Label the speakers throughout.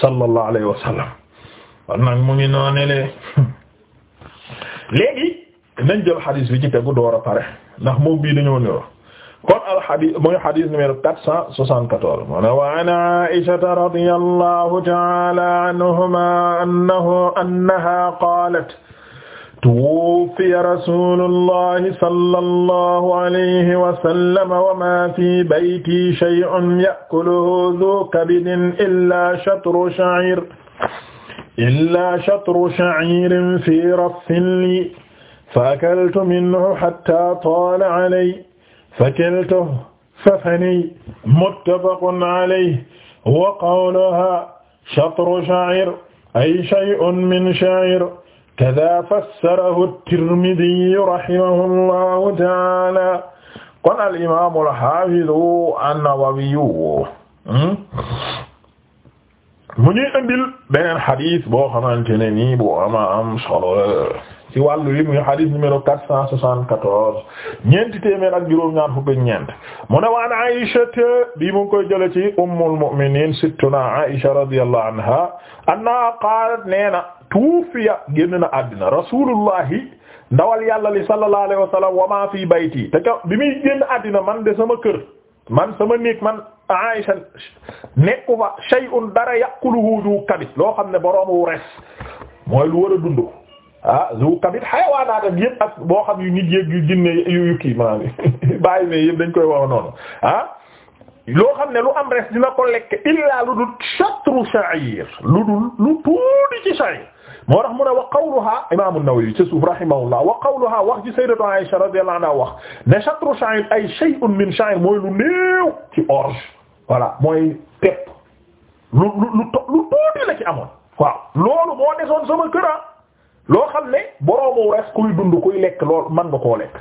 Speaker 1: sallallahu alayhi wa sallam kon nag mu ngi noonele léegi nañ jël xadis bi ci tegu door a pare ndax moom bii dañoo niroo kon al xadis mooy xadis numéro quatre cent soixante-quatorze mu ne wa an Aïsata radiyallahu ta'ala anhuma annahu annaha qalat tuwuffiya rasulullahi sallallahu alayhi wa sallam wa ma fi bayti shay'un ya'kuluhu dhu kabidin illa shatru sha'ir illa shatru sha'irin fi rafin li فأكلت منه حتى طال علي فكلته ففني متفق عليه وقولها شطر شعير أي شيء من شعير kada fassarahu Tirmidi rahimahullahu taala kon al imaamu al haafidu an-Nawawi hmm? mu ñuy andil beneen xadis boo xamante ne nii bu ama am solo ci wàllu wi muy hadith numéro quatre cent soixante-quatorze ñeenti mu ne waan Aïsha bi mu koy jële ci ummul mu'minin sittuna Aïsha neena tuufiya génn na àddina rasulullahi ndawal yàlla li sallallahu alayhi wa sallam ma fi bayti te ka bi muy génn àddina man de sama kër man sama néeg man Aïsha nekku fa shay'un dara yaquluhu du kabit loo xam ne boroomu res mooy lu war a ah zu kabit xayawaanaatam yëpp ak boo xam yu nit yëg yu ginne yu kii maanaam ne yëpp dañ koy wax noonu ah loo xam ne lu am res dina ko lekk illaa lu dul shatru sha'ir lu dul lu tuuti ci sha'ir moo tax mu ne wa qawluha imam an-Nawawi ci suuf rahimahullah wa qawluha wax ji sayyidatu Aisha radiyallahu anha wax ne shatru sha'ir ay shay'un min sha'ir mooy lu néew ci orge voilà mooy tepp lu lu lu tuuti la ci amoon waaw loolu moo desoon sama loo xam ne boroomu res kuy dund kuy lekk lool man nga koo lekk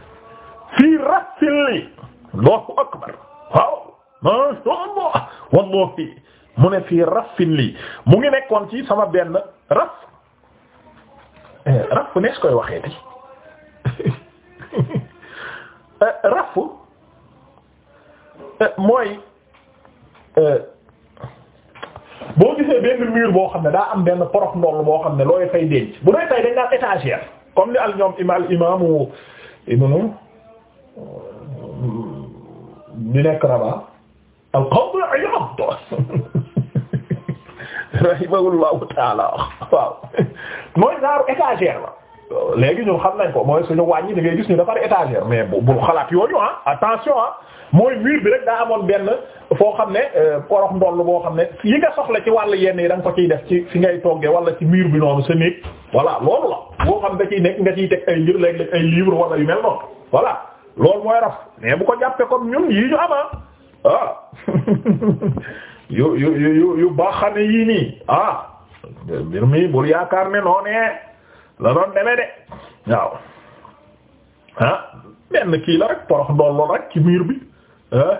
Speaker 1: fii rasilli Allahu akbar waaw mashallah wallahi mu ne fii rafin lii mu ngi nekkoon ci sama benn raf eh, raf nees koy waxee ti eh, raf eh, mooy boo gisee benn mur boo xam ne daa am benn porof ndoll boo xam ne looy fay denc bu doy fay dañ naan étagère comme ni al ñoom imaam imaamu ibnu bi nekk Rabat al qadi Iyad rahimahullahu taala waaw mooy genre étagère la léegi ñun xam nañ ko mooy suñu wàññi da ngay gis ñu defar étagère mais bu xalaat yooyu ah attention ah mooy mur bi rek daa amoon benn foo xam ne korox euh, ndoll boo xam ne yi nga soxla ci wàll yenn yi da nga ko ciy def ci fi ngay toggee wala ci mur bi noonu sa néeg voilà loolu la boo xam da nekk nga ciy teg ay njër léeg-léeg ay livre wala yu mel noonu voilà loolu mooy raf mais bu ko jàppee comme ñun yii ñu ama ah, ah. yu yu yu yu baax xam ne yii nii ah mbir mi bul yaakaar ne noonee la doon demee de waaw ah benn kii la rek porox dolloo rek ci miir bi ah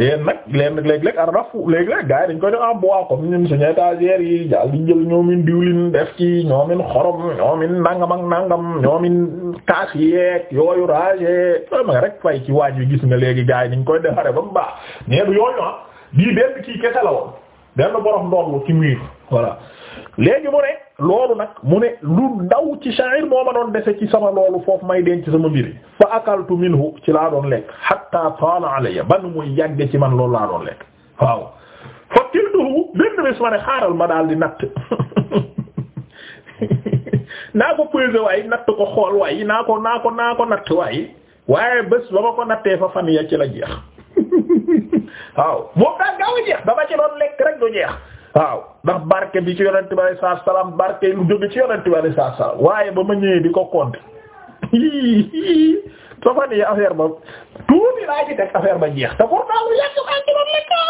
Speaker 1: yéen nag leen léeg-léeg arraf léeg-léeg gars yi dañ koy def en bois comme ñun suñu étagères yi daal di jël ñoomin diwlin def ci ñoomin xorom ñoomin nangam ak nangam ñoomin kaas yeeg yooyu rage ma rek fay ci waaj wi gis nga léegi gars yi dañ koy defaree ba mu baax nee du yooyu ah bii benn kii kese la woon benn porox dollu ci miir voilà léegi mu ne loolu nag mu ne lu ndaw ci sha'ir moo ma doon dese ci sama loolu foofu may denc sama mbiri fa akaltu minhu ci laa doon lekk hatta taala alayya ba nu muy yàgge ci man loolu laa doon lekk waaw fa kiltuhu benn bés ma ne xaaral ma daal di natt naa ko pesé waaye natt ko xool waaye naa ko naa ko naa ko natt waaye waaye bés ba ma ko nattee fa fan ya ci la jeex waaw moom daa gaaw a jeex ba ma ci doon lekk rek du jeex waaw ndax barke bi ci yonent bi alayhi salaam barke lu jóge ci yonent bi alayhi salaatu salaam waaye ba ma ñëwee di ko compter soo fa nii affaire ba tuuti laa ci teg affaire ba jeex te pourtant lu yàgg maa ngi doon lekk ah.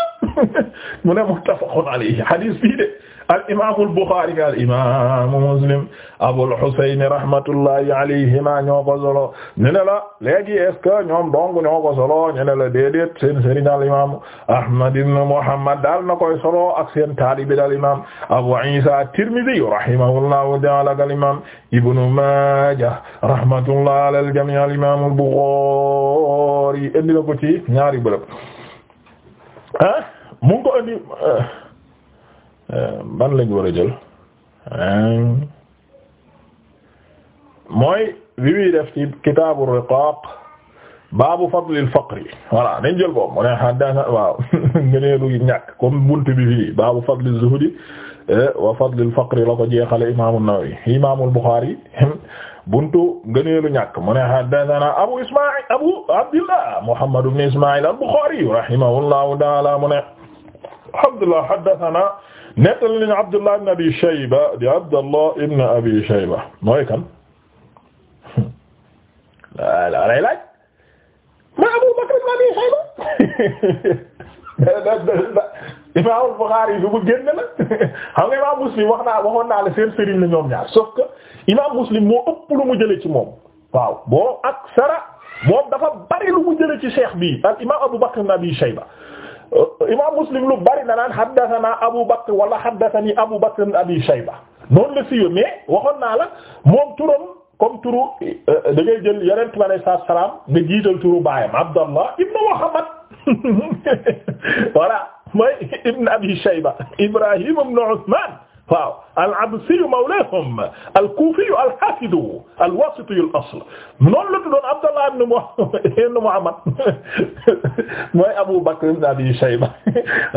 Speaker 1: mu ne muttafaqun alayhi hadith bii de. al imaamu Buxaari ak al imaamu Muslim Abul Husayn rahmatullahi alayhima ñoo ko solo ñu ne la léegi est-ce que ñoom dong ñoo ko solo ñu ne la déedéet seen sëriñ al imaamu Ahmad ibn Muhammad daal na koy solo ak seen taalibe al imaam Abu Isa at-Tirmidhi rahimahullahu ta'ala ak al imaam Ibnu Maaja rahmatullahi ala al jamii' al imaamu Buxaari indi na ko ci ñaari bërëb ah mu ngi ko indi Euh, ban lañ war a jël mooy bi muy def ci kitaabu riqaaq baabu fadlil faqri voilà nañ jël boobu mu ne xandaana waaw ngëneelu ñàkk comme buntu bi fii baabu fadlil zuhdi eh, wa fadlil faqri la ko jeexale imaamu Nawawi imaamul Buxaari buntu ngëneelu ñàkk mu ne xandaana abu ismail abu abdillah muhammad ibn ismail al-Buxaari rahimahullahu ta'ala mu ne alhamdulillah xaddathana nettali nañu Abdullah ibn Abi Shayba di Abdullah ibn Abi Shayba mooy kan la lay laaj ma Abu Bakr ibn Abi Shayba Imam xam nga Imam Muslim wax naa waxoon naa la seen sëriñ la ñoom Imam Muslim moo ëpp lu mu jële ci moom waaw boo ak sara dafa bari lu mu jële ci cheikh bi al Imam Abu Bakr ibn Abi Shayba imaam Muslim lu bari na naan haddathana Abu Bakr wala haddathani Abu Bakr ibn Abi Shayba noonu la siiwee mais waxoon naa la moom turam comme turu euh, da ngay jël Yonent bi alayhi salaatu wa salaam nga jiital turu baayam Abdallah ibn Muhammad voilà mooy ibn Abi Shayba Ibrahim ibn Usman waaw al-Absiyu mawlaahum al-Kuufiyu al-Haafidu al-Waasitiyu al-asl noonu la tuddoon Abdallah ibn Muhammad mooy Abu Bakr ibn Abi Shayba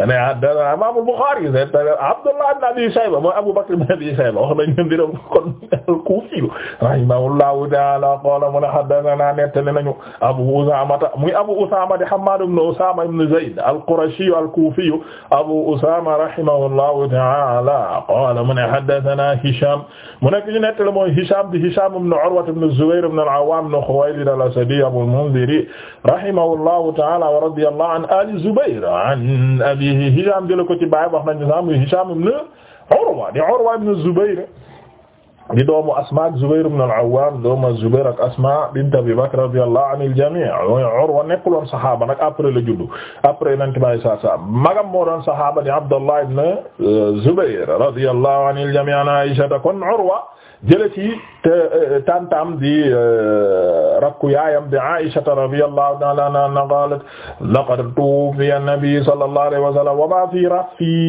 Speaker 1: ne haddathanaa Imaam al-Bukhaari Abdallah ibn Abi Shayba mooy Abu Bakr ibn Abi Shayba wax nañu mbiram kon al-Kuufiyu rahimahullahu ta'aala qaala mu ne haddathanaa nettali nañu Abu Usaama muy Abu Usaama di Hammaad ibn Usaama ibn Zayd al-Qurashiyu al-Kuufiyu Abu Usaama rahimahullahu ta'aala qaala mu ne haddathana Hisham mu nekk ñu nettali mooy Hisham di Hisham ibn Urwa ibn Zubayr ibn al-Awwam ibn Khuwaylid al-Asadi Abu al-Mundhir rahimahullahu ta'ala wa radiyallahu an ali Zubayr an abihi Hisham jële ko ci baay wax nañu sax muy Hisham ibn Urwa di Urwa ibn Zubayr di doomu Asma ak Zubayr ibn al-Awwam doomu Zubayr ak Asma bint Abi Bakr radiyallahu anil jami' Urwa nekkul woon saxaaba nag après la juddu après nañ tubaab saa saa magam moo doon saxaaba di Abdullah ibn euh, Zubayr an Aisha kon Urwa jële euh, tantam di euh, rakku yaayam di Aisha radiyallahu ta'ala anha qalat laqad tuwuffiya an-nabi wa sallam fi rafi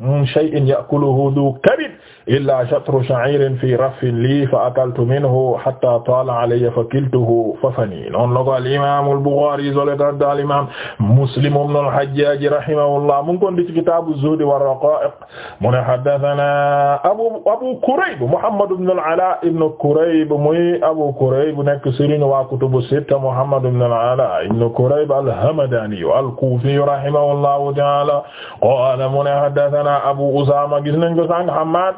Speaker 1: min shay'in ya'kuluhu dhu kabid illa shatru sha'irin fi rafin li fa akaltu minhu hatta tala alayya fa kiltuhu fa fani noonu la ko al imam al Bukhari solo ka al imam Muslim ibn al Hajjaj rahimahullah mu ngi koon di ci kitab az-zuhd wa raqa'iq mu ne haddathana abu abu Kurayb Muhammad ibn al Ala ibn Kurayb muy abu Kurayb nekk sëriñ wa kutubu sitta Muhammad ibn al Ala ibn Kurayb al-Hamadani al-Kufi rahimahullahu ta'ala qala mu ne haddathana haddathana Abu Usaama gis nañ ko sànq Hammaad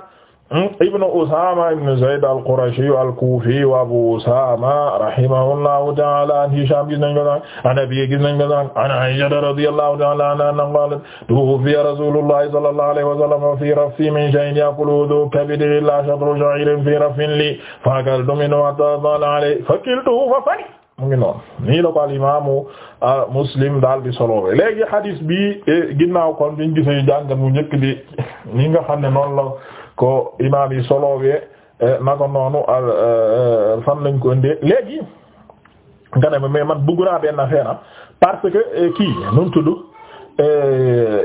Speaker 1: hmm, ibn Usaama ibn Zayd al-Qurashi al-Kufi wa Abu Usaama rahimahullahu ta'ala an Hishaam gis nañ ko sànq an Abi gis nañ ko sànq an Aisha radiyallahu ta'ala anha qaalat tuwuffiya rasuulullahi sallallahu alayhi wa sallam fi rafin min shay'in ya'kuluhu kabidi illa shatra sha'irin fi rafin li fa'akaltu minhu hatta tala alayhi fakiltuhu fa fani mu ngi noonu nii la ko al imaamu muslim daal di solowee léegi hadis bi e, ginnaaw kon biñ gisee jàngat mu njëkk bi ni nga xam ne noonu la ko imaam yi solowee naka noonu e, e, fan lañ ko indee léegi nga ne ma mais man bëgg naa benn affaire ah, parce que kii nu tudd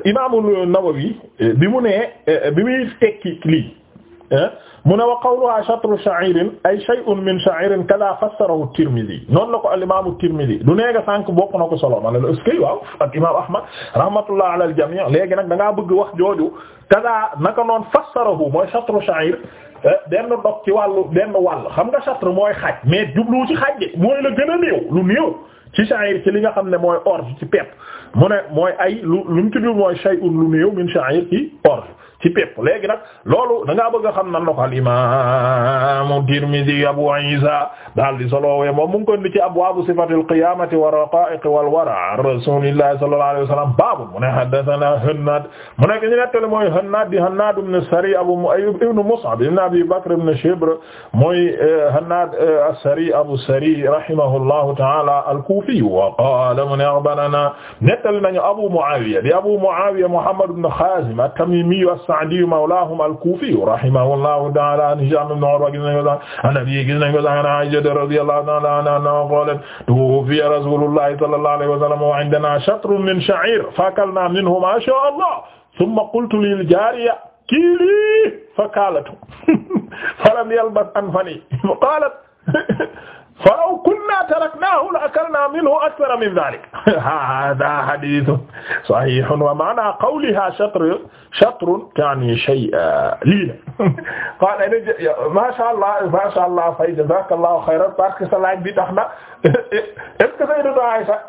Speaker 1: imaamul Nawawi bi mu nee bi muy tekki lii Eh? mu ne wa qawluha shatru sha'irin ay shay'un min sha'irin kada fassarahu Tirmidhi noonu la ko al imaamu Tirmidhi du nee nga sànq bokk na ko solo ma ne la est a que waaw ak imaam Ahmad rahmatullah ala al jami' léegi nag da ngaa bëgg wax jooju kada naka noon fassarahu mooy shatru sha'ir eh, benn dog ci wàllu benn wàll xam nga shatru mooy xaaj mais jublu ci xaaj gi mooy la gën a néew lu néew ci sha'ir ci li nga xam ne mooy orge ci pepp mu ne mooy ay lu lu mu mooy shay'un lu néew min sha'ir ci orge ci pépp léegi nag loolu da ngaa bëgg a xam nan la ko al imam Tirmidhi Abu Isa daal di solowee moom mu ngi ko indi ci abwaabu sifatil qiyamati wa raqa'iq wal wara rasulillahi sallallahu alayhi wa sallam baabu mu ne haddathana Hannad mu nekk ñu nettale mooy Hannad di Hannad ibn Sari Abu Ayyub ibn Mus'ab ibn Abi Bakr ibn Shibr mooy eh, Hannad eh, as-Sari Abu Sari rahimahullahu ta'ala al-Kufi wa qala mu ne akhbarana nettale nañu Abu Muawiya di Abu Muawiya Muhammad ibn Khazim at-Tamimi as-Sa'di mawlaahum al-Kufi rahimahullahu ta'ala an Hishaam ibn Urwa gis nañ ko sax an Nabi gis nañ ko sax an Aisha radiyallahu ta'ala anha qaalat tuwuffiya Rasulullahi sallallahu alayhi wa sallam wa 'indanaa shatrun min sha'iir fa'akalnaa minhu maa shaa Allah thumma qultu lil jaariya kiilii fa kaalatu falam yalbas an fani qaalat fa law kunna taraknahu la akalna minhu akthara min dhalik hadha hadithun sahihun wa ma'na qawliha shatrun shatrun ya'ni shay'an lii la masha Allah masha Allah fay jazakallahu khayran parce que sa laaj bi tax na est-ce que sayyidatu Aisha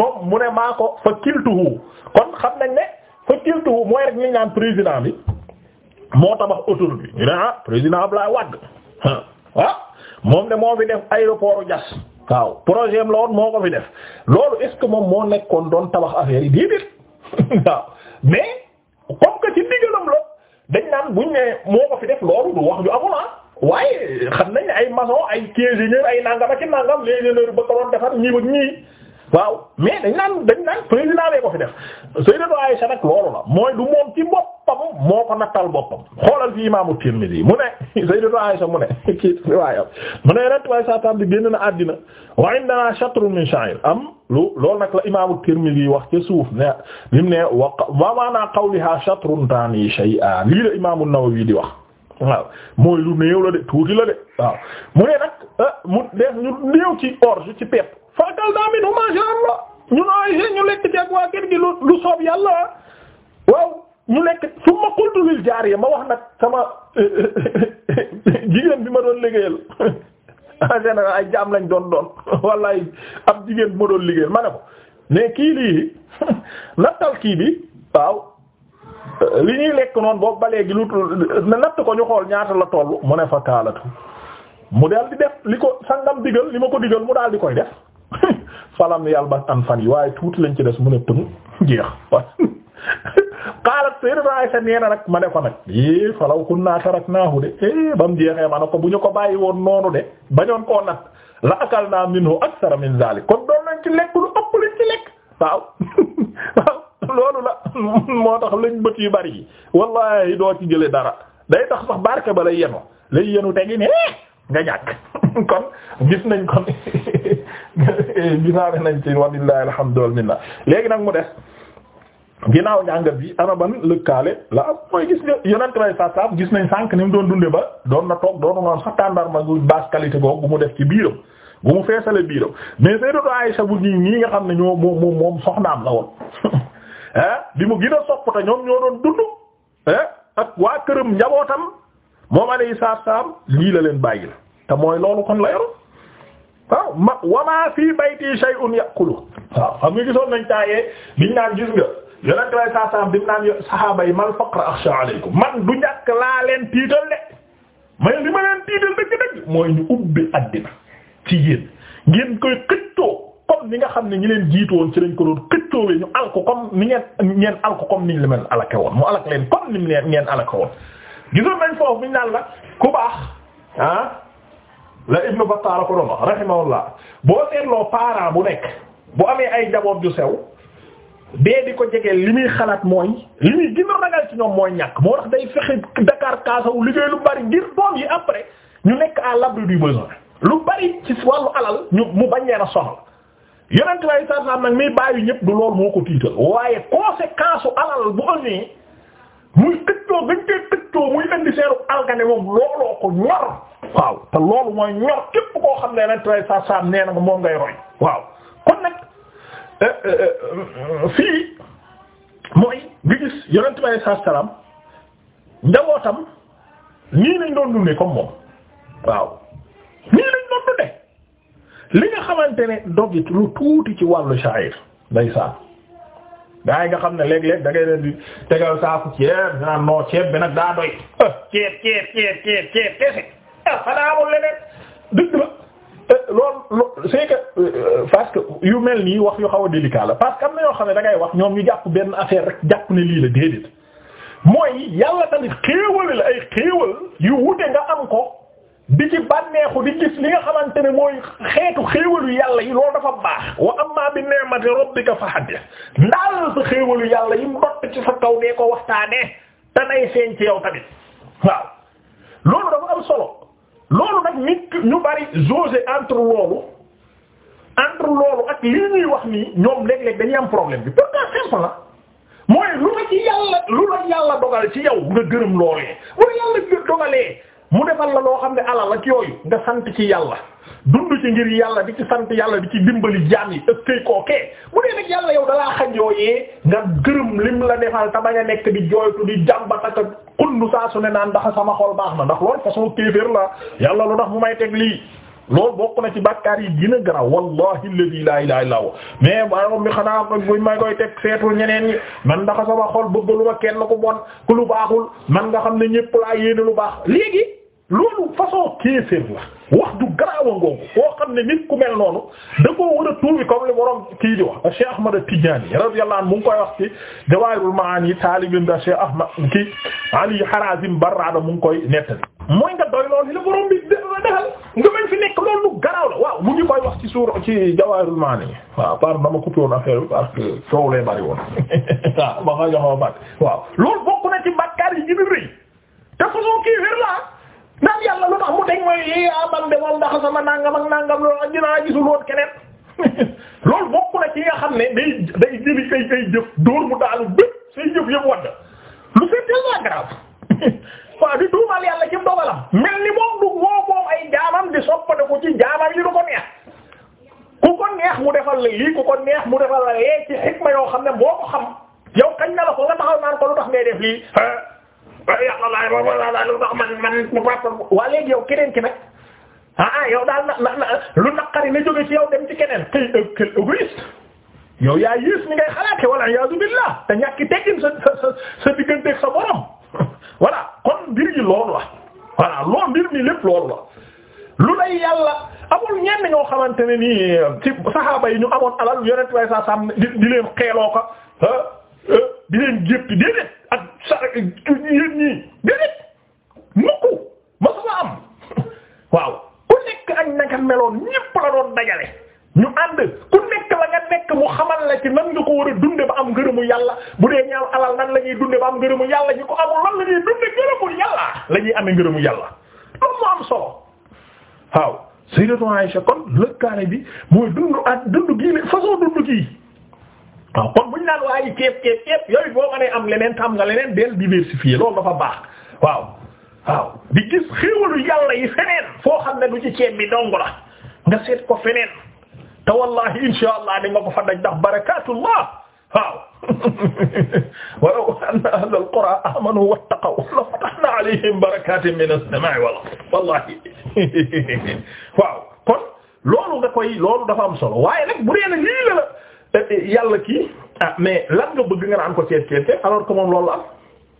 Speaker 1: moom mu ne maa ko fakiltuhu kon xam nañ ne fakiltuhu mooy rek ñu naan président bi moo tabax autoroute bi ñu ne ah président Abdoulaye Wade ah moom de moo fi def aéroport Diass waaw projet am moo ko fi def loolu est que moom moo nekkoon doon tabax affaire yi déedéet waaw mais comme que ci ndigalam la dañ naan buñ ne moo ko fi def loolu du wax ju amul ah. waaye xam nañ ay maçon ay ingénieur ay nangam ak i nangam les ingénieurs ba ko defar ñii ak ñii waaw mais dañ naan dañ naan président ko fi def Sayyidatu Aisha nag loolu la mooy du moom ci bopp. boppam moo ko nattal boppam xoolal fi imaamu Tirmidhi mu ne Sayyidatu Aisha mu ne kii riwaaya mu ne yeneen tubaab saa tam bi génn na àddina wa indana shatrun min sha'ir am lu loolu nag la imaamu Tirmidhi wax ca suuf ne lim ne wa wa maana qawliha shatrun taani shay'a lii la imaamu Nawawi di wax waaw mooy lu néew la de tuuti la de waaw mu ne nag ah, mu def ñu néew ci orge ci pepp faakal daa min huma insha Allah ñu nooy ñu lekk ci ak waa kër gi lu soob yàlla waaw ñu nekk su ma qultu lil jaariya ma wax nag sama jigéen bi ma doon liggéeyal ay jaam lañ doon doon walla ab jigéen bi ma doon liggéeyal ma ne ko mais kii lii nattal kii bi waaw li ñuy lekk noon boobu ba léegi lu natt ko ñu xool ñaata la tollu mu ne fa kaalatu mu daal di def li ko sangam digal li ma ko digal mu daal di koy def falam yàlla ba an fan yi waaye tuuti lañ ci des mu ne tënk jeex. xaalat sayyidat Aisha nee na ma ne ko nag yi falaw kunna taraknahu de eh, ba mu jeexee ma ne ko bu ñu ko bàyyi woon noonu de bañoon koo nag la akalna minhu akthara min zalik kon doon nañ ci lekk lu ëpp lañ ci lekk waaw loolu la moo tax lañ bët yu bari yi wallahi doo ci jële dara day tax sax barke ba lay yenu lay yenu tegi ne eh, nga ñàkk kon gis nañ kon eh, gisaare nañ ci walillahi alhamdu wal minna léegi nag mu des ginnaaw njàngat bi ana ban lëkkaale la am mooy gis nga yonent bay saab gis nañ sànq ni mu doon dunde ba doon na toog doon noon sax tàndarma gu basse qualité googu mu def ci biiram bu mu feesale biiram mais Sayyidatu sa bu ñi nga xam ne ñoo moom moom moom soxnaam la woon ah bi mu gën a soppata ñoom ñoo doon dund ah ak waa këram njabootam moom alayhi salaam lii la leen bàyyil te mooy loolu kon la yoroon waaw ma wa maa fii bayti shay'un ya'kulu waaw xam yonent way saa saam bi naan saxaaba yi ma faqra axsha alaykum man du ñàkk laa leen tiital de may li ma leen tiital dëgg-dëgg mooy ñu ubbi àddina ci yéen ngeen koy xëccoo comme ni nga xam ne ñi leen jiitoon ci lañ ko doon xëccoowee ñu al ko comme ni ngeen ngeen al ko comme ni mu alak leen comme ni leen ngeen alake woon gisoon nañ foofu bi naan la ku ah, la Ibnu Battaar ko doon wax rahimahullah boo seetloo parent bu nekk bu amee ay njaboot ju sew bee di ko jegee li muy xalaat mooy li muy gën a ragal ci ñoom mooy ñàkk moo tax day fexe Dakar kaasaw liggéey lu bari ngir doom yi après ñu nekk à l'abri du besoin lu bari ci wàllu alal ñu mu bañ leen a soxla yonent way sasaam nag miy bàyyi ñëpp du loolu moo ko tiital waaye conséquence u alal bu amee muy këccoo gañ koy këccoo muy indi seeru algane moom looloo ko ñor waaw te loolu mooy ñor képp koo xam ne yonent way sasaam nee na moom ngay Euh, euh, euh, fii mooy nga gis yonent bi alayhi salaatu salaam njabootam nii lañ doon dundee comme moom waaw nii lañ doon dundee li nga xamante ne dogit lu tuuti ci wàllu sha'ir ndeysaan gaa yi nga xam ne léeg-léeg da ngay leen di tegal saaku ceeb dinaa noo ceeb bi nag daa doy ah, ceeb ceeb ceeb ceeb ceeb kese ah, xanaa amul leneen dëgg la Euh, loolu c'est que euh, parce que yu mel nii wax yu xaw a délicat la parce que am na yoo xam ne dangay wax ñoom ñu jàpp benn affaire rek jàpp ne lii la déedéet mooy yàlla tamit xéewal la ay xéewal yu wute nga am ko bi ci bànneexu bi gis li nga xamante ne mooy xeetu xéewalu yàlla yi loolu dafa baax wa amma bi ni'mati rabbika fa haddith ndaal sa xéewalu yàlla yi mbott ci sa kaw ko waxtaanee tan nay seen ci yow tamit waaw loolu dafa am solo loolu nag nit ñu bari jauger entre loolu entre loolu ak lii ñuy wax nii ñoom léeg-léeg dañuy am problème bi pourtant simple la mooy lu la yàlla lu la yàlla dogal ci yow nga gërëm loolee bu la yàlla dogalee mu defal la loo xam ne alal ak yooyu nga sant ci yàlla dund ci ngir yàlla di ci sant yàlla di ci dimbali jaam yi ëpp kay kookee bu dee nag yàlla yow dalaa xaj yooyee nga gërëm lim la defal te bañ a nekk di jooytu di jàmbat ak xunn saa su ne naan ndax sama xol baax na ndax loolu façon kéeféer la yàlla lu tax mu may teg lii loolu bokk na ci bàkkaar yi dina garaw wallahi alladhi la ilaha illa huwa mais borom bi xanaa buñ may koy teg seetul ñeneen ñi man ndax sama xol bëgg lu ma kenn ku bon ku lu baaxul man nga xam ne ñépp laa yéene lu baax léegi loolu façon kéeféer la wax du garaawa ngoongu koo xam ne nit ku mel noonu da koo war a tuubi comme li kii di wax Cheikh Ahmad Tidiane radiyallahu anhu mu ngi koy wax ci Jawaahirul Maani taalibim da Cheikh Ahmad ki Ali Harazim Barrada mu ngi koy nettali mooy nga doy loolu li la borom bi defal nga mën fi nekk loolu garaaw la waaw mu koy wax ci suur ci Jawaahirul Maani waaw par dama coupé woon affaire bi parce que coow lay waaw ma nga joxoo naan yàlla lu tax mu teg mooy yi eh, ah, man de moom ndax sama nangam ak nangam loolu ak dinaa gisul woon keneen loolu bokk na ci nga xam ne day day jëli ay ay jëf dóor mu daanu bépp say jëf yëpp wadd lu c'est tellement grave waaw di tuumal yàlla ci dogalam mel ni moom du woo moom ay jaamam di soppate ko ci jaamam yi du ko neex ku ko neex mu defal la lii ku ko neex mu defal la lee ci xikma yoo xam ne boo ko xam yow kañ na ko nga taxaw naan ko lu tax waaye yàlla laay ma wala la lu tax man man bu baax waa léegi yow keneen ki nag ah, ah yow daal na na lu naqari na jóge ci yow dem ci keneen tey euh, quel égoïste yow yaa yées ni ngay xalaate wala iyaazu billah te ñàkki teggin sa sa sa digganteeg sa borom voilà kon mbir yi loolu la voilà loolu mbir mi lépp loolu la lu lay yàlla amul ñenn ñoo xamante ne nii euh, ci saxaaba yi ñu amoon alal yonent way sa sàmm di di leen xeeloo ko ah, ah, di leen jéppi déedéet ak sa yéen ñii déedéet mukk masuma am waaw ku nekk ak naka meloon ñépp la doon dajale ñu ànd ku nekk la nga nekk mu xamal la ci nan nga ko war a dunde ba am ngërëmu yàlla bu dee ñaaw alal nan la ñuy dunde ba am ngërëmu yàlla ñu ko amul lan la ñuy dunde ngërëmu yàlla la ñuy ngërëmu yàlla loolu moo am solo waaw Sayyidatu Aisha kon lëkkaale bi mooy dundu ak dundu gii façon dundu gii waaw kon bu ñu naan waaye ceeb ceeb ceeb yooyu boo mënee am leneen tam nga leneen del diversifier loolu dafa baax waaw waaw di gis xéewalu yàlla yi feneen foo xam ne du ci ceeb bi dong la nga seet ko feneen te wallahi insha allah di nga ko fa daj ndax barakatullah waaw walaw anna ahla alqura amanu wattaqaw la fatahna alayhim barakatin min as-samaa'i wal ard wallahi waaw kon loolu nga koy loolu dafa am solo waaye nag bu dee lii la la yàlla kii ah mais lan nga bëgg nga naan ko seet seet alors que moom loolu la am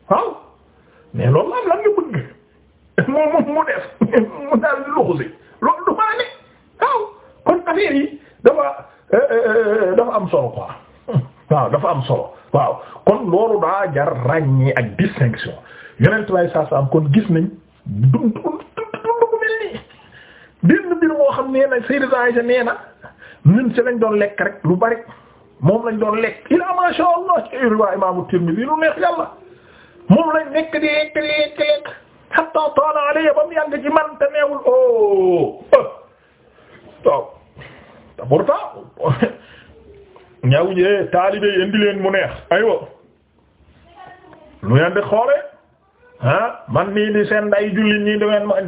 Speaker 1: waaw mais loolu la am lan nga bëgg moom mu def mu daal di si loolu du maa ne waaw kon affaire yi dafa euh, euh, euh, dafa am solo waaw dafa kon loolu daa jar ràññee ak distinction yeneen tubaab yi saa saa am kon gis nañ dund dund ko mel nii benn moo xam nee na Sayyidatu Aisha nee na ñun ci lañ doon lekk rek lu bari. moom lañ doon lekk ilaa ma sha Allah ci riwaa imaamu Tirmidhi lu neex moom lañ nekk di lekk di lekk lekk hatta taala alayya ba mu yàgg ci man te neewul oh, oh. waaw te pourtant ñaaw ñee taalibe yi mu neex aywa lu ngeen di xoole ah man nii di seen day jullit ñi da ngeen ma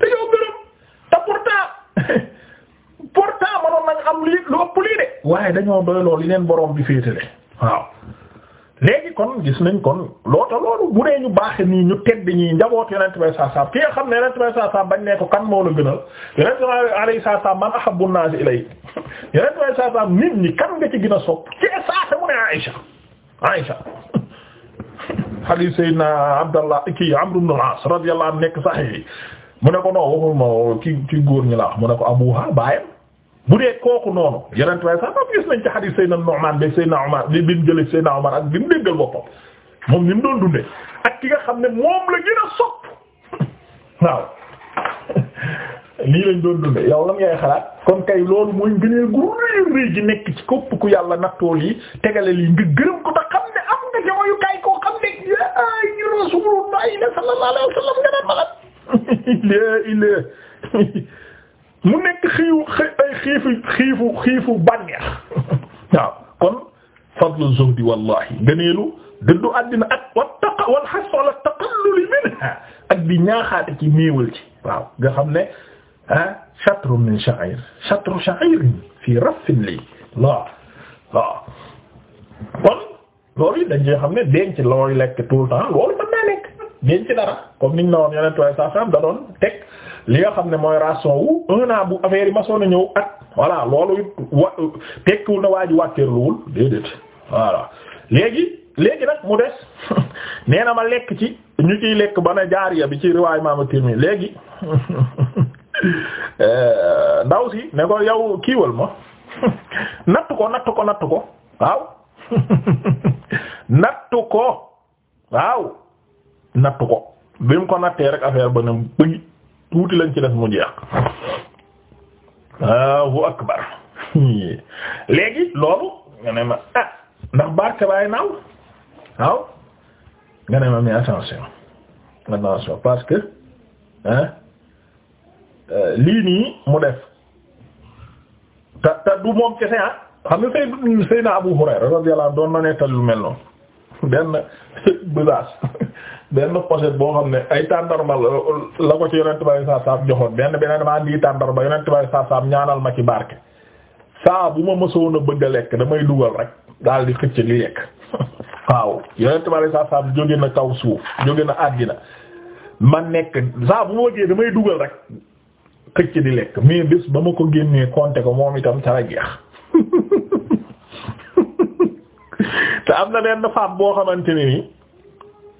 Speaker 1: te yow gërëm te pourtant manoon nañ am li lu ëpp lii de waaye dañoo doy loolu leen borom bi féetale waaw léegi kon gis nañ kon loota loolu bu dee ñu baax nii ñu tedd ñii njaboot yonent bay saa saam ki nga xam ne bay saa saam bañ ne ko kan moo la gënal yonent bay alayhi saa saam man ahabbu naasi ilay yonent bay saa saam nit ñi kan nga ci a sopp ci saase mu ne Aïcha Aïcha hadith sayyidina Abdallah ki Amr ibn al-As radiyallahu nekk sahih mu ne ko non waxul ma ki ci góor ñi la mu ne ko abuha baayam bu dee kooku noonu yeneen waaye sax moom gis nañ ci xadiis Seydina Nu'man ba Seydina Umar bi mu jëlee Seydina Umar ak bi déggal boppam moom ni mu doon dundee ak ki nga xam ne moom la gën a sopp waaw lii lañ doon dundee yow lan ngay xalaat kon kay loolu mooy ngëneel gu rëy rëy gi nekk ci képp ku yàlla nattoo lii tegale lii nga gërëm ko te xam ne am nga jamono kay koo xam ne ay Rasulullah sallallahu nga naan malade il est mu nekk xiiw ay xiifu xiifu xiifu bànneex waaw kon fadlu zuhdi wallahi gëneelu dëddu àddina ak wa taqa wal xas ala taqalluli minha ak di ñaaxaate ci néewal ci waaw nga xam ne ah shatru min sha'ir shatru sha'irin fii raffin lii la waaw kon loolu dañ ci xam ne denc looy lekk tout le temps loolu mën naa nekk denc dara comme niñ la woon yeneen tuwaay saa saam da li nga xam ne mooy ration wu un an bu affaire yi a ñëw at voilà loolu wa tekkiwul na waa ji wàcceerluwul déedéet voilà léegi léegi nag mu des nee ma lekk ci ñu ciy lekk bana na bi ci riwaay maama Tirmi léegi euh, ndaw si ne ko yow kiiwal ma natt ko natt ko natt ko waaw natt ko waaw natt ko bi ko nattee rek affaire ba ne bëgg tuuti lañ ci def mu jeex Allahu akbar léegi loolu nga ne ma ah ndax barke baay naaw waaw nga ne ma mais attention attention parce que hein euh, lii nii mu def te te moom kese ah xam nga Seydou Seydina Abu Hurayra radiyallahu anhu doon na nettali lu mel noonu benn bëlaas benn pochette boo xam ne ay tàndarma la ko ci yonent bay saa saam joxoon benn beneen maa di tàndarma yonent bay saa saam ñaanal ma ci barke saa bu ma mësoon a bëgg a lekk damay dugal rek daal di xëcc waaw yonent bay saa saam jóge na kaw suuf jóge na àddina nekk saa bu ma wëggee damay dugal rek xëcc di lekk mais bés ba ma ko génnee compter ko moom itam ca la jeex te am na benn femme boo xamante ne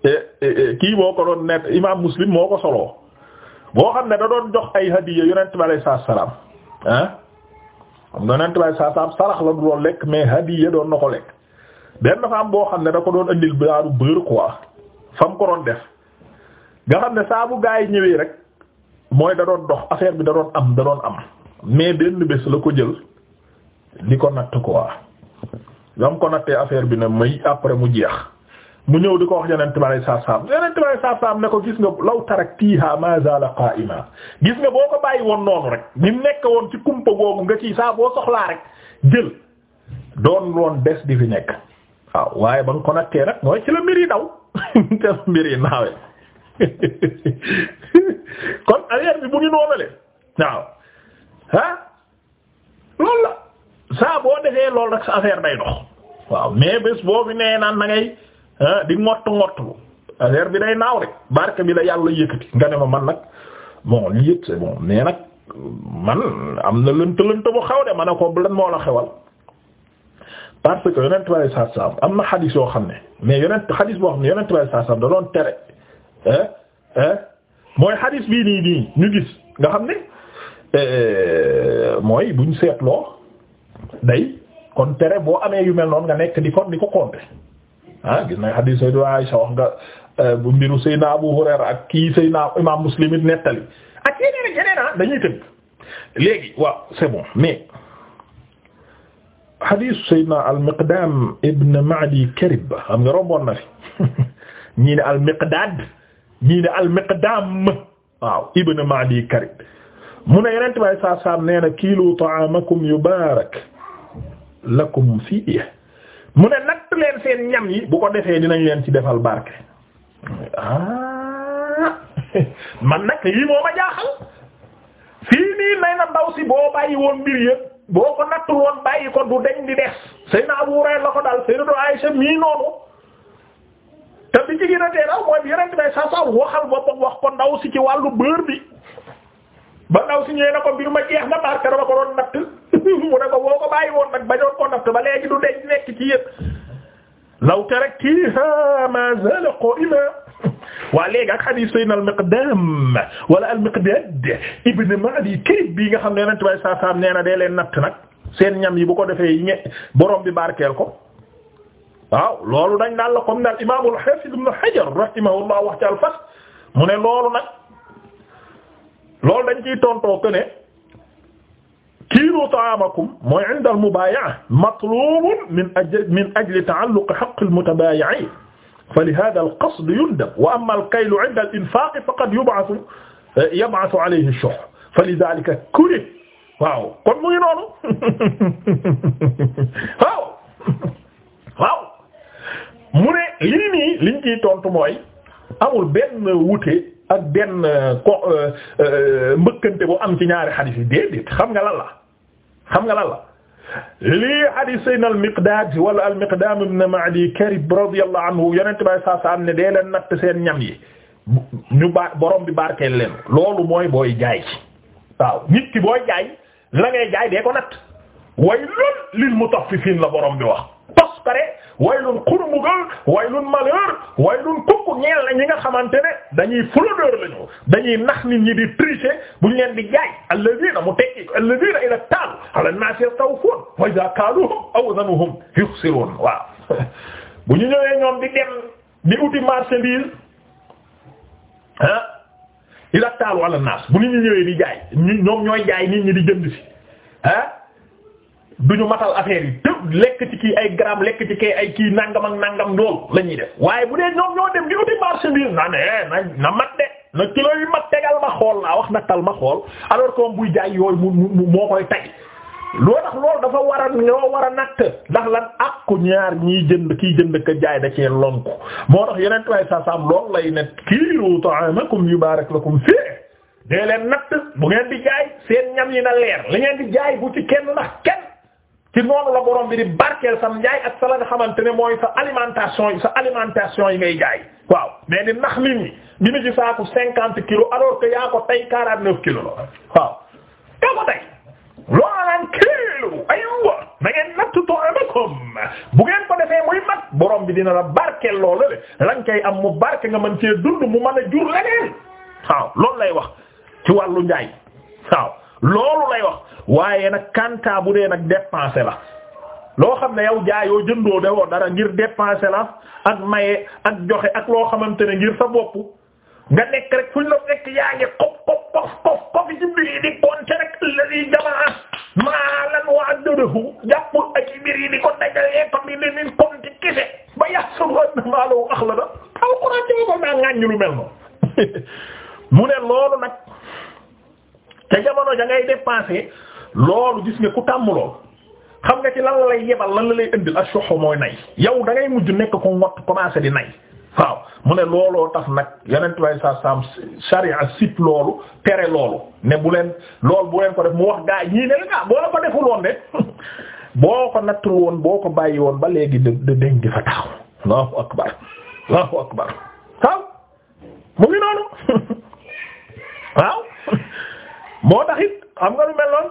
Speaker 1: Eh, eh, eh, kii boo ko doon net imaam muslim moo ko soloo boo xam ne da doon jox ay hadiya yonent bi alayhi salaam ah xam nga yonent bi alayhi salaam sarax mais hadiya doon na ko dafa am boo xam ne da ko doon indil baaru fa mu ko nga xam ne saa bu yi ñëwee rek mooy da dox affaire bi da doon am da doon am mais benn bés la ko jël di ko natt quoi ba mu ko nattee affaire bi ne may après mu jeex. mu ñëw di ko wax yonent bi alayhi salaam yonent bi alayhi salaam ne ko gis nga law taraktiha ma a qaa'ima gis nga boo ko bàyyi woon noonu rek ni nekk woon ci kumpa googu nga ci saa boo soxlaa rek jël doon woon des di fi nekk waaw waaye ba nga ko nattee nag mooy ci la mbir yi daw te la naawee kon affaire bi bu ñu noonu waaw ah loolu la saa defee loolu rek sa affaire day dox waaw mais bés boo nee naan na di ngott ngott bu bi day naaw rek barke bi la yàlla yëkkati nga ne man nag moo lii yëpp c'est bon nag man am na lënt lënt bu xaw de ma ne ko lan moo la xewal parce que yonent bi saa saam am na xadis yoo xam ne mais yonent xadis boo xam ne yonent bi saa saam da doon tere mooy xadis bii nii nii ñu gis nga xam ne eh, eh, mooy bu ñu seetloo day kon tere boo amee yu mel noonu nga nekk di kon di ko compter ah gis nañ xadiis Sayyidu Aysa wax nga euh, bu mbiru Seydina Abu Hurayra ak kii Seydina Imaam Muslim it nettali ak yeneen yeneen ah dañuy tënk léegi waaw c'est bon mais xadiisu Seydina al-Miqdaam ibn Ma'di Karib xam nga romboon na fi ñii ne al-Miqdaad ñii ne al-Miqdaam waaw ibn Ma'di Karib mu ne Yonent bi sallallahu alayhi wa sallam nee na kiilu ta'aamakum yubaarak lakum fiihi mu ne natt leen seen ñam yi bu ko defee dinañ leen ci defal barke ah. man nag lii moo ma jaaxal fii nii nay na ndaw si boo bàyyi woon mbir yëpp boo ko nattul woon bàyyi ko du deñ di des Seydina Abu Hurayra la ko dal Sayyidatu Aisha mii noonu te bi ci gën a teel mooy bi yeneen bay sa sa waxal boppam wax ko ndaw si ci wàllu bër bi ba ndaw si ñëwee na ko mbir ma jeex na barke dama ko doon natt ko boo ko bàyyi woon nag bañoon ko natt ba léegi du deñ law taraktiha ma zala qa'ima waa léegi ak hadith wala al-Miqdad ibn Ma'di Kirib bii nga xam ne na bi saa saam nee na dee leen natt nag seen ñam yi bu ko defee ñe borom bi barkeel ko waaw loolu dañ naan la comme daal imaam al-Hafiz ibn Hajar rahimahullah wax ci al-Fath mu ne loolu nag loolu dañ ciy tontoo que ne. kiilu ta'aamakum mooy inda al-mubaaya'a matluubun min ajli min ajli ta'alluqi haqqi al-mutabaayi'iin falihaadha al-qasdu yundab wa amma al-kaylu inda al-infaaqi faqad yub'athu yab'athu 'alayhi ash-shuhh falidhaalika kure waaw kon mu ngi noonu waaw waaw mu ne lii nii liñ ciy tontu mooy amul benn wuute ak benn ko euh, euh, mbëkkante bu am ci ñaari xadiis yi déedéet xam nga lan la xam nga lan la lii hadis saydna almiqdaad wala almiqdaam ibn maadi karib radiyallahu anhu yonent bay saa sa am ne dee leen natt seen ñam yi ñu ba borom bi barkeel leen loolu mooy booy jaay waaw nit ki booy jaay la ngay jaay dee ko natt way lool lil mutaffifiin la borom bi wax toskare waylun xurmugal waylun malheur waylun kukku ñeel na ñi nga xamante ne dañuy fraudeur lañu dañuy nax nit ñi di tricher buñ leen di jaay alladina mu tekki alladina ila taal ala naas yastawfun wa idha kaaluhum aw zanuhum yuxsirun waaw bu ñu ñëwee ñoom di dem di uti marchandise ah ila taalu ala naas bu nit ñi ñëwee di jaay ñoom ñooy jaay nit ñi di jënd ci ah, du ñu matal affaire yi tëb lekk ci kii ay gramme lekk ci kii ay kii nangam ak nangam loolu la ñuy def waaye bu dee ñoom ñoo dem di uti marché bi ne na na na kilo yi mat tegal ma xool naa wax nattal ma xool alors que buy jaay yooyu mu mu moo koy teg loo tax war a ñoo war a natt ndax lan ak ñaar ñiy jënd kii jënd ka jaay da cee lonk moo tax yeneen way sa sam loolu lay ne kiilu ta'amakum yubarak lakum fi dee leen natt bu ngeen di jaay seen ñam yi na leer li di jaay bu ci noonu la borom bi di barkeel sam njaay ak sa la xamante ne mooy sa alimentation yi sa alimentation yi ngay jaay waaw mais di nax nit ñi dina ci saaku cinquante kilos alors que yaa ko tey quarante neuf kilos la waaw yaa ko tey loolaan kiilu aywa na ngeen nattu to'amakum bu ngeen ko defee muy mat borom bi dina la barkeel lool le lañ koy am mu barke nga mën cee dund mu mën a jur leneen waaw loolu lay wax ci wàllu njaay waaw loolu lay wax waaye nag kanta bu dee nag dépensé la loo xam ne yow jaayoo jëndoo defoo dara ngir dépensé la ak maye ak joxe ak loo xamante ne ngir sa bopp nga nekk rek fuñ la fekk yaa ngi kof kof maalan wa addadahu jàpp ak mbir yi ko dajalee comme ni nin konti kese ba yàsul anna maalahu axlada alxuraan ci boppam daa ŋàññi lu mel noonu mu ne loolu nag te jamono ja ngay dépensé loolu gis nga ku tàmm lool xam nga ci lan la yebal lan la lay indil ak soxo mooy nay yow da mujj nekk ko ngott commencé di nay waaw mu ne looloo tax nag yenent way sa sam sharia sip loolu tere loolu ne bu leen loolu bu leen ko def mu wax gaa ñii ne la gaa ah, boo la ko deful woon de boo ko nattul woon boo ko bàyyi woon ba léegi de de déñ di fa taxaw allahu akbar allahu akbar waaw mu ngi noonu waaw moo taxit xam nga lu mel noonu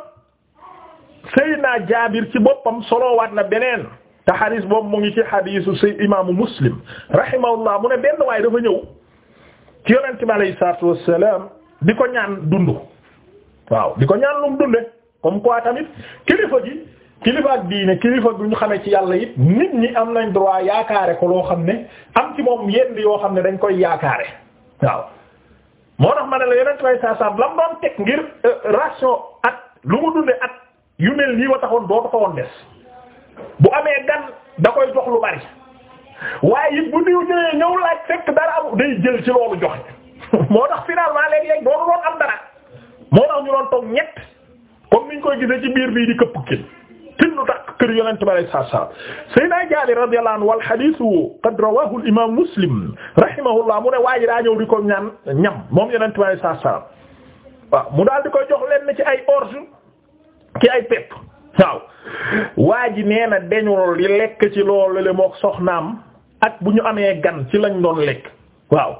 Speaker 1: Seydina Jaabir ci boppam solowaat na beneen te xadis boobu mu ngi ci xadisu say imaamu Muslim rahimahullah mu ne benn waay dafa ñëw ci yonent bi alayhi wassalaam di ko ñaan dund waaw di ko ñaan lum dunde comme quoi tamit kilifa gi kilifa ak diine kilifa gi ñu xamee ci yàlla it nit ñi am nañ droit yaakaare ko loo xam ne am ci moom yenn yoo xam ne dañ koy yaakaare waaw moo tax ma ne la yonent bi alayhi salaatu lam doon teg ngir euh, ration at lu mu dunde at yu mel nii wa taxoon doo ko fa des bu amee gan da koy jox lu bari waaye it bu diw ñëwee ñëw laaj fekk dara am day jël ci loolu joxe moo tax finalement léeg-léeg doonu doon am dara moo tax ñu doon toog ñett comme niñ koy gisee ci biir bii di këpp kin tin lu tax kër yonent bi alayhi salaatu salaam Seydina Jaabir radiyallahu anhu wal hadiisu qad rawaahu al Muslim rahimahullah mu ne waa daa ñëw di ko ñam moom yonent bi alayhi salaam mu daal di koy jox leen ci ay pepp waaw waa ji nee na deñul di lekk ci loolu le mook soxnaam ak bu ñu amee gan ci lañ doon lekk waaw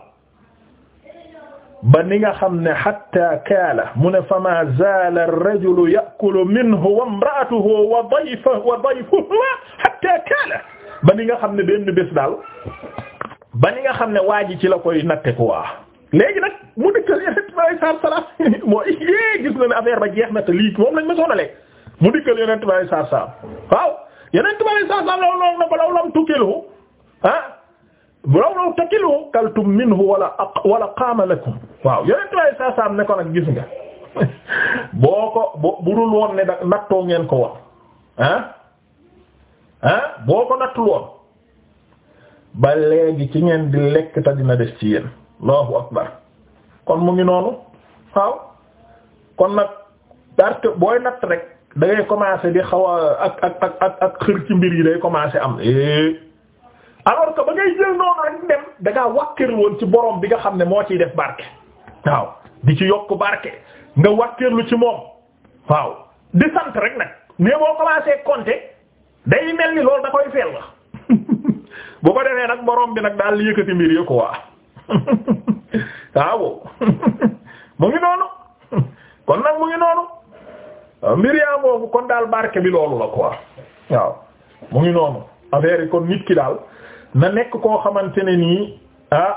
Speaker 1: ba ni nga xam ne hatta kaala mu ne fa ma zaala ar-rajulu ya'kulu minhu wa imra'atuhu wa dayfuhu wa dayfuhu hatta kaala ba ni nga xam ne benn bés daal ba ni nga xam ne waa ji ci la koy natte quoi léegi nag mu dikkal yonent bi alayhi salaatu wa eh gis na ne affaire ba jeex na te lii moom lañ ma sonalee mu dikkal yonent bi alayhi salaatu wa salaam waaw yonent bi alayhi salaatu wa salaam na ko law lam tukilu ah law lam tukilu kaltum minhu wala aq wala qaama lakum waaw yonent bi alayhi salaatu wa salaam ne ko nag gis nga boo ko boo budul woon ne da nattoo ngeen ko wax ah ah boo ko nattul woon ba léegi ci ngeen di lekk te dina des ci yéen. allahu akbar kon mu ngi noonu waaw kon nag parce booy natt rek da ngay commencer di xaw a ak ak ak ak ak xër ci mbir yi day commencer am eh. alors que ba ngay jël noonu rek dem da ngaa wàkkir ci borom bi nga xam ne moo ciy def barke waaw di ci yokk barke nga wàkkirlu ci moom waaw di sant rek nag mais boo commencé compter day mel ni lool da koy feel la bu ko defee nag borom bi nag daal yëkkati mbir yi quoi. waaw mu ngi noonu kon nag mu ngi noonu mbir yaa kon daal barke bi loolu la ko waaw mu ngi noonu affaire kon nit ki daal na nekk koo xamante ne nii ah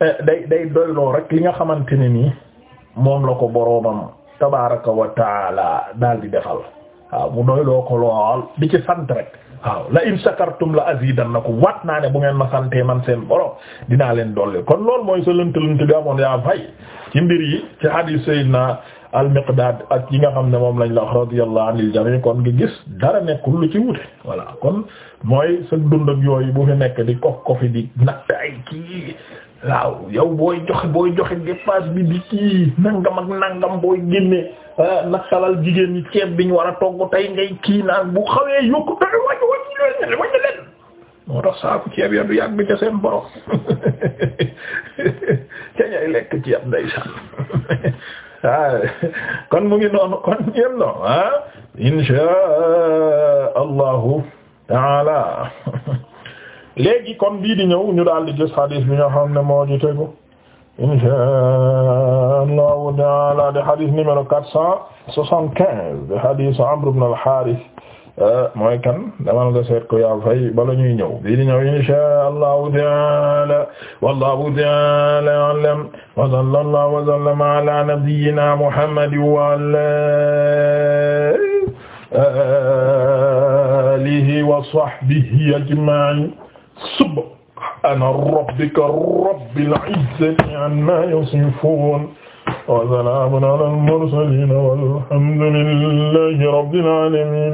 Speaker 1: eh, day day doyloo rek li nga xamante ne nii moom la ko boroomam tabaaraka wa daal di defal waaw mu doyloo ko lool di ci sant rek waaw la in shakartum la na ko wat naa ne bu ngeen ma man seen borom dinaa leen dolli kon loolu mooy sa lënt-lënt bi amoon yaa fay ci mbir yi ci hadith sayyidina al-Miqdad ak yi nga xam ne moom lañ la wax radiyallahu anil jami kon nga gis dara nekkul lu ci wute voilà kon mooy sa dund ak yooyu bu fi nekk di kof kofi di natt ay yow booy joxe booy joxe dépense bi di kii nangam ak nangam booy génne ah, nag salal jigéen ñi ceeb biñ war a togg tey ngay kii naan bu xawee yokku doy wàññi ñooñu wañ na leen moo tax saaku ceeb ya du yàgg ca seen borom ca ñay lekk ceeb ndeysaan ah kon mu ngi noonu kon ñépp noonu ah inshaa allahu taala léegi kon bii di ñëw ñu daal di gis xadis bi nga xam ne moo di tegu inshaa allahu taala de xadis numéro quatre cent soixante-quinze de xadis Amr ibn al-Harith Euh, mooy kan dama nga seet ko yaa fay bala ñuy ñëw bii di ñëw inshaa Allahu ta'ala wallahu ta'ala a'lam wa sallallahu wa sallama ala nabiyyina Muhammad wa ala alihi wa sahbihi ajma'in subhana rabbika rabbil izzati amma yasifun wa salamun ala al mursalin walhamdulillahi rabbil alamin